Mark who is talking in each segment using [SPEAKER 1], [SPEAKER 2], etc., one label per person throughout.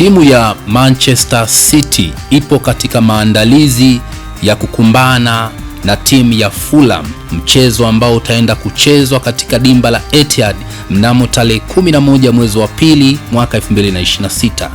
[SPEAKER 1] Timu ya Manchester City ipo katika maandalizi ya kukumbana na timu ya Fulham, mchezo ambao utaenda kuchezwa katika dimba la Etihad mnamo tarehe 11 mwezi wa pili mwaka 2026.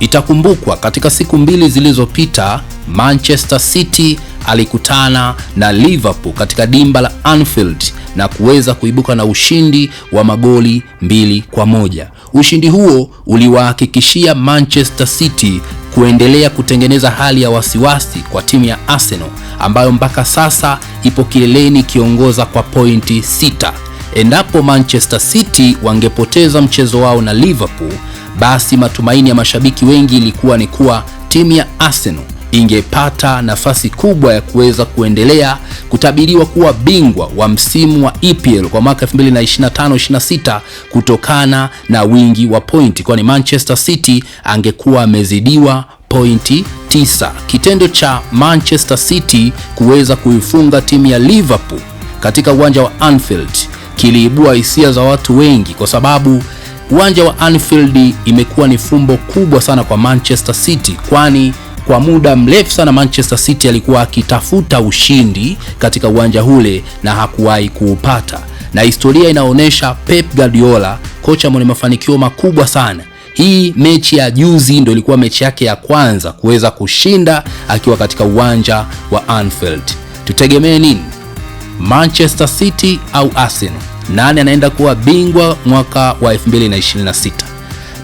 [SPEAKER 1] Itakumbukwa katika siku mbili zilizopita Manchester City alikutana na Liverpool katika dimba la Anfield na kuweza kuibuka na ushindi wa magoli mbili kwa moja. Ushindi huo uliwahakikishia Manchester City kuendelea kutengeneza hali ya wasiwasi kwa timu ya Arsenal ambayo mpaka sasa ipo kileleni ikiongoza kwa pointi sita. Endapo Manchester City wangepoteza mchezo wao na Liverpool, basi matumaini ya mashabiki wengi ilikuwa ni kuwa timu ya Arsenal ingepata nafasi kubwa ya kuweza kuendelea kutabiriwa kuwa bingwa wa msimu wa EPL kwa mwaka 2025-26 kutokana na wingi wa pointi, kwani Manchester City angekuwa amezidiwa pointi tisa. Kitendo cha Manchester City kuweza kuifunga timu ya Liverpool katika uwanja wa Anfield kiliibua hisia za watu wengi kwa sababu uwanja wa Anfield imekuwa ni fumbo kubwa sana kwa Manchester City kwani kwa muda mrefu sana Manchester City alikuwa akitafuta ushindi katika uwanja ule na hakuwahi kuupata, na historia inaonyesha Pep Guardiola kocha mwenye mafanikio makubwa sana. Hii mechi ya juzi ndio ilikuwa mechi yake ya kwanza kuweza kushinda akiwa katika uwanja wa Anfield. Tutegemee nini? Manchester City au Arsenal? Nani anaenda kuwa bingwa mwaka wa 2026?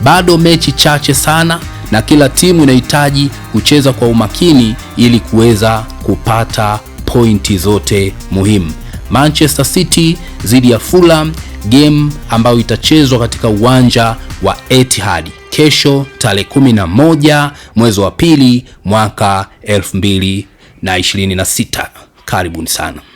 [SPEAKER 1] Bado mechi chache sana na kila timu inahitaji kucheza kwa umakini ili kuweza kupata pointi zote muhimu. Manchester City dhidi ya Fulham, game ambayo itachezwa katika uwanja wa Etihad kesho tarehe 11 mwezi wa pili mwaka 2026. Karibuni sana.